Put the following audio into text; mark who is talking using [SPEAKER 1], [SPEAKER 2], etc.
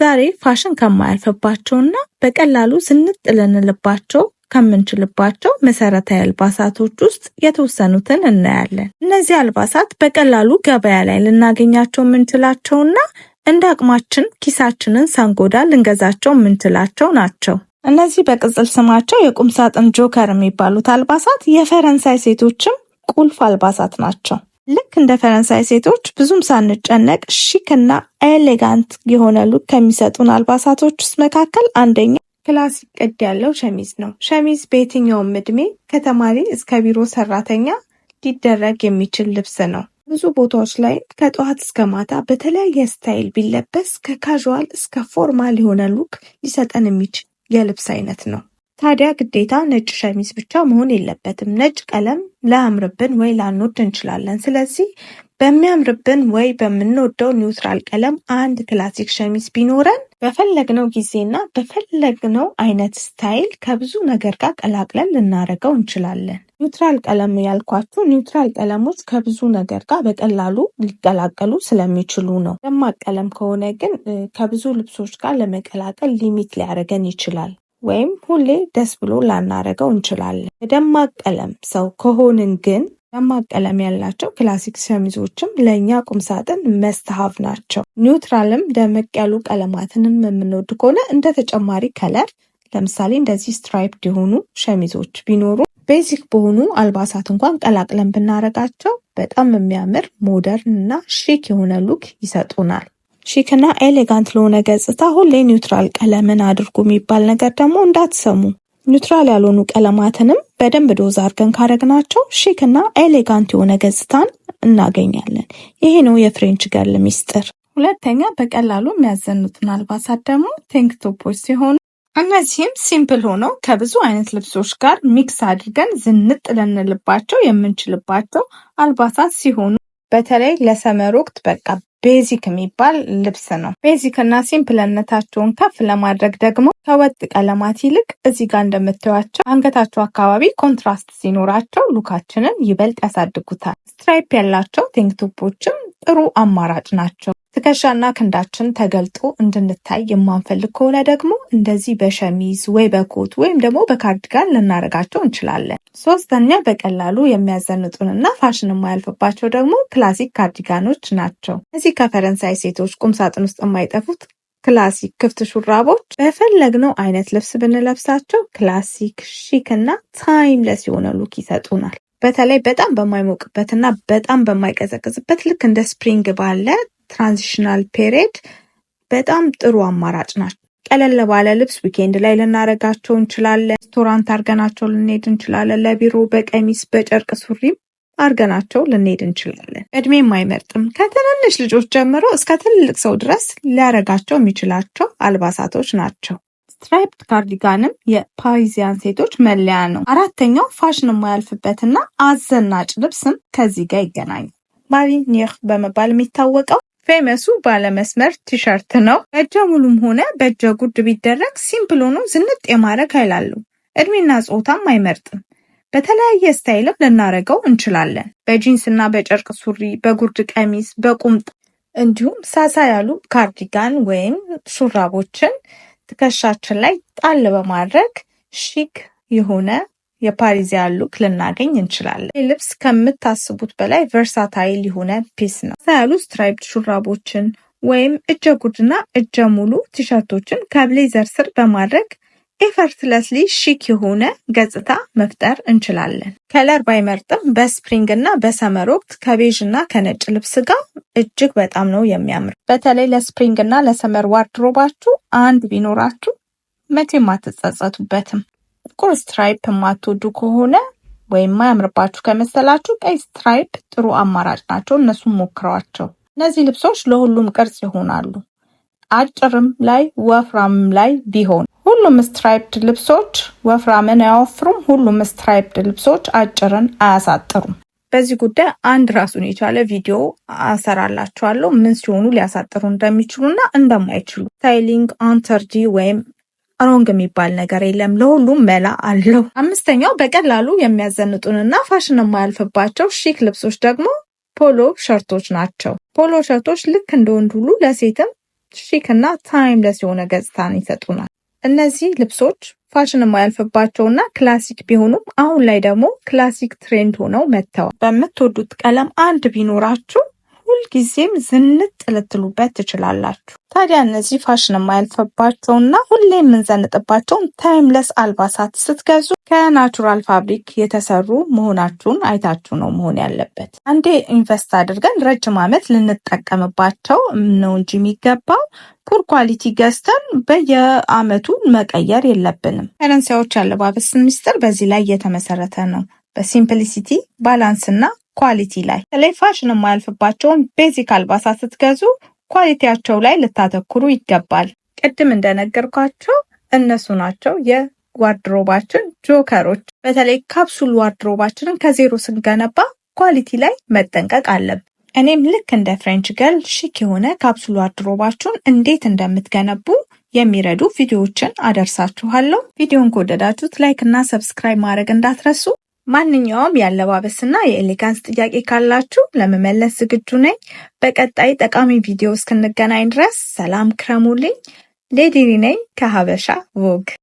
[SPEAKER 1] ዛሬ ፋሽን ከማያልፍባቸውና በቀላሉ ዝንጥ ልንልባቸው ከምንችልባቸው መሰረታዊ አልባሳቶች ውስጥ የተወሰኑትን እናያለን። እነዚህ አልባሳት በቀላሉ ገበያ ላይ ልናገኛቸው የምንችላቸውና እንደ አቅማችን ኪሳችንን ሳንጎዳ ልንገዛቸው የምንችላቸው ናቸው። እነዚህ በቅጽል ስማቸው የቁምሳጥን ጆከር የሚባሉት አልባሳት የፈረንሳይ ሴቶችም ቁልፍ አልባሳት ናቸው። ልክ እንደ ፈረንሳይ ሴቶች ብዙም ሳንጨነቅ ሺክ እና ኤሌጋንት የሆነ ሉክ ከሚሰጡን አልባሳቶች ውስጥ መካከል አንደኛ ክላሲክ ቅድ ያለው ሸሚዝ ነው። ሸሚዝ በየትኛውም እድሜ ከተማሪ እስከ ቢሮ ሰራተኛ ሊደረግ የሚችል ልብስ ነው። ብዙ ቦታዎች ላይ ከጠዋት እስከ ማታ በተለያየ ስታይል ቢለበስ ከካዥዋል እስከ ፎርማል የሆነ ሉክ ሊሰጠን የሚችል የልብስ አይነት ነው። ታዲያ ግዴታ ነጭ ሸሚዝ ብቻ መሆን የለበትም። ነጭ ቀለም ላያምርብን ወይ ላንወድ እንችላለን። ስለዚህ በሚያምርብን ወይ በምንወደው ኒውትራል ቀለም አንድ ክላሲክ ሸሚዝ ቢኖረን በፈለግነው ጊዜና በፈለግነው አይነት ስታይል ከብዙ ነገር ጋር ቀላቅለን ልናደርገው እንችላለን። ኒውትራል ቀለም ያልኳችሁ ኒውትራል ቀለሞች ከብዙ ነገር ጋር በቀላሉ ሊቀላቀሉ ስለሚችሉ ነው። ደማቅ ቀለም ከሆነ ግን ከብዙ ልብሶች ጋር ለመቀላቀል ሊሚት ሊያደርገን ይችላል። ወይም ሁሌ ደስ ብሎ ላናረገው እንችላለን። በደማቅ ቀለም ሰው ከሆንን ግን ደማቅ ቀለም ያላቸው ክላሲክ ሸሚዞችም ለእኛ ቁምሳጥን መስተሀፍ ናቸው። ኒውትራልም ደመቅ ያሉ ቀለማትንም የምንወድ ከሆነ እንደ ተጨማሪ ከለር ለምሳሌ እንደዚህ ስትራይፕ የሆኑ ሸሚዞች ቢኖሩ ቤዚክ በሆኑ አልባሳት እንኳን ቀላቅለን ብናረጋቸው በጣም የሚያምር ሞደርን እና ሺክ የሆነ ሉክ ይሰጡናል። ሺክና ኤሌጋንት ለሆነ ገጽታ ሁሌ ኒውትራል ቀለምን አድርጉ የሚባል ነገር ደግሞ እንዳትሰሙ። ኒውትራል ያልሆኑ ቀለማትንም በደንብ ዶዝ አድርገን ካረግናቸው ሺክና ኤሌጋንት የሆነ ገጽታን እናገኛለን። ይሄ ነው የፍሬንች ገርል ሚስጥር። ሁለተኛ በቀላሉ የሚያዘኑትን አልባሳት ደግሞ ቴንክ ቶፖች ሲሆኑ እነዚህም ሲምፕል ሆነው ከብዙ አይነት ልብሶች ጋር ሚክስ አድርገን ዝንጥ ልንልባቸው የምንችልባቸው አልባሳት ሲሆኑ በተለይ ለሰመር ወቅት በቃ ቤዚክ የሚባል ልብስ ነው። ቤዚክ እና ሲምፕልነታቸውን ከፍ ለማድረግ ደግሞ ከወጥ ቀለማት ይልቅ እዚህ ጋር እንደምታዩቸው አንገታቸው አካባቢ ኮንትራስት ሲኖራቸው ሉካችንን ይበልጥ ያሳድጉታል። ስትራይፕ ያላቸው ቴንክቶፖችም ጥሩ አማራጭ ናቸው። ትከሻና ክንዳችን ተገልጦ እንድንታይ የማንፈልግ ከሆነ ደግሞ እንደዚህ በሸሚዝ ወይ በኮት ወይም ደግሞ በካርዲጋን ልናደርጋቸው እንችላለን። ሶስተኛ በቀላሉ የሚያዘንጡንና ፋሽን የማያልፍባቸው ደግሞ ክላሲክ ካርዲጋኖች ናቸው። እዚህ ከፈረንሳይ ሴቶች ቁምሳጥን ውስጥ የማይጠፉት ክላሲክ ክፍት ሹራቦች በፈለግነው አይነት ልብስ ብንለብሳቸው ክላሲክ ሺክ እና ታይምለስ የሆነ ሉክ ይሰጡናል። በተለይ በጣም በማይሞቅበትና በጣም በማይቀዘቅዝበት ልክ እንደ ስፕሪንግ ባለ ትራንዚሽናል ፔሪድ በጣም ጥሩ አማራጭ ናቸው። ቀለል ባለ ልብስ ዊኬንድ ላይ ልናረጋቸው እንችላለን። ሬስቶራንት አርገናቸው ልንሄድ እንችላለን። ለቢሮ በቀሚስ በጨርቅ ሱሪም አርገናቸው ልንሄድ እንችላለን። እድሜም አይመርጥም። ከትንንሽ ልጆች ጀምሮ እስከ ትልቅ ሰው ድረስ ሊያረጋቸው የሚችላቸው አልባሳቶች ናቸው። ስትራይፕድ ካርዲጋንም የፓሪዚያን ሴቶች መለያ ነው። አራተኛው ፋሽን የማያልፍበትና አዘናጭ ልብስም ከዚህ ጋር ይገናኛል። ማሪኒር በመባል የሚታወቀው ፌመሱ ባለመስመር ቲሸርት ነው። በእጀ ሙሉም ሆነ በእጀ ጉድ ቢደረግ ሲምፕል ሆኖ ዝንጥ የማድረግ ኃይል አለው። እድሜና ጾታም አይመርጥም። በተለያየ ስታይልም ልናደርገው እንችላለን። በጂንስና በጨርቅ ሱሪ፣ በጉርድ ቀሚስ፣ በቁምጣ እንዲሁም ሳሳ ያሉ ካርዲጋን ወይም ሹራቦችን ትከሻችን ላይ ጣል በማድረግ ሺክ የሆነ የፓሪዚያን ሉክ ልናገኝ እንችላለን። ይህ ልብስ ከምታስቡት በላይ ቨርሳታይል የሆነ ፒስ ነው። እዛ ያሉ ስትራይፕድ ሹራቦችን ወይም እጀ ጉድና እጀ ሙሉ ቲሸርቶችን ከብሌዘር ስር በማድረግ ኤፈርትለስሊ ሺክ የሆነ ገጽታ መፍጠር እንችላለን። ከለር ባይመርጥም በስፕሪንግ እና በሰመር ወቅት ከቤዥ እና ከነጭ ልብስ ጋር እጅግ በጣም ነው የሚያምር። በተለይ ለስፕሪንግ እና ለሰመር ዋርድሮባችሁ አንድ ቢኖራችሁ መቼም አትጸጸቱበትም። ጥቁር ስትራይፕ የማትወዱ ከሆነ ወይም ማያምርባችሁ ከመሰላችሁ ቀይ ስትራይፕ ጥሩ አማራጭ ናቸው። እነሱም ሞክረዋቸው። እነዚህ ልብሶች ለሁሉም ቅርጽ ይሆናሉ። አጭርም ላይ ወፍራምም ላይ ቢሆን ሁሉም ስትራይፕድ ልብሶች ወፍራምን አያወፍሩም። ሁሉም ስትራይፕድ ልብሶች አጭርን አያሳጥሩም። በዚህ ጉዳይ አንድ ራሱን የቻለ ቪዲዮ አሰራላችኋለሁ ምን ሲሆኑ ሊያሳጥሩ እንደሚችሉ እና እንደማይችሉ ስታይሊንግ አንተርጂ ወይም ሮንግ የሚባል ነገር የለም። ለሁሉም መላ አለው። አምስተኛው በቀላሉ የሚያዘንጡንና ፋሽን የማያልፍባቸው ሺክ ልብሶች ደግሞ ፖሎ ሸርቶች ናቸው። ፖሎ ሸርቶች ልክ እንደወንድ ሁሉ ለሴትም ሺክ እና ታይምለስ የሆነ ገጽታን ይሰጡናል። እነዚህ ልብሶች ፋሽን የማያልፍባቸውና ክላሲክ ቢሆኑም አሁን ላይ ደግሞ ክላሲክ ትሬንድ ሆነው መጥተዋል። በምትወዱት ቀለም አንድ ቢኖራችሁ ሁልጊዜም ዝንጥ ልትሉበት ትችላላችሁ። ታዲያ እነዚህ ፋሽን የማያልፈባቸውና ሁሌ የምንዘንጥባቸውን ታይምለስ አልባሳት ስትገዙ ከናቹራል ፋብሪክ የተሰሩ መሆናችሁን አይታችሁ ነው መሆን ያለበት። አንዴ ኢንቨስት አድርገን ረጅም ዓመት ልንጠቀምባቸው ነው እንጂ የሚገባው ፑር ኳሊቲ ገዝተን በየአመቱ መቀየር የለብንም። ፈረንሳዮች ያለባበስ ሚስጥር በዚህ ላይ እየተመሰረተ ነው። በሲምፕሊሲቲ ባላንስ እና ኳሊቲ ላይ በተለይ ፋሽን የማያልፍባቸውን ቤዚክ አልባሳት ስትገዙ ኳሊቲያቸው ላይ ልታተኩሩ ይገባል። ቅድም እንደነገርኳቸው እነሱ ናቸው የዋርድሮባችን ጆከሮች። በተለይ ካፕሱል ዋርድሮባችንን ከዜሮ ስንገነባ ኳሊቲ ላይ መጠንቀቅ አለብን። እኔም ልክ እንደ ፍሬንች ገርል ሺክ የሆነ ካፕሱል ዋርድሮባችሁን እንዴት እንደምትገነቡ የሚረዱ ቪዲዮዎችን አደርሳችኋለሁ። ቪዲዮን ከወደዳችሁት ላይክ እና ሰብስክራይብ ማድረግ እንዳትረሱ። ማንኛውም የአለባበስና የኤሌጋንስ ጥያቄ ካላችሁ ለመመለስ ዝግጁ ነኝ። በቀጣይ ጠቃሚ ቪዲዮ እስክንገናኝ ድረስ ሰላም ክረሙልኝ። ሌዲሪ ነኝ ከሀበሻ ቮግ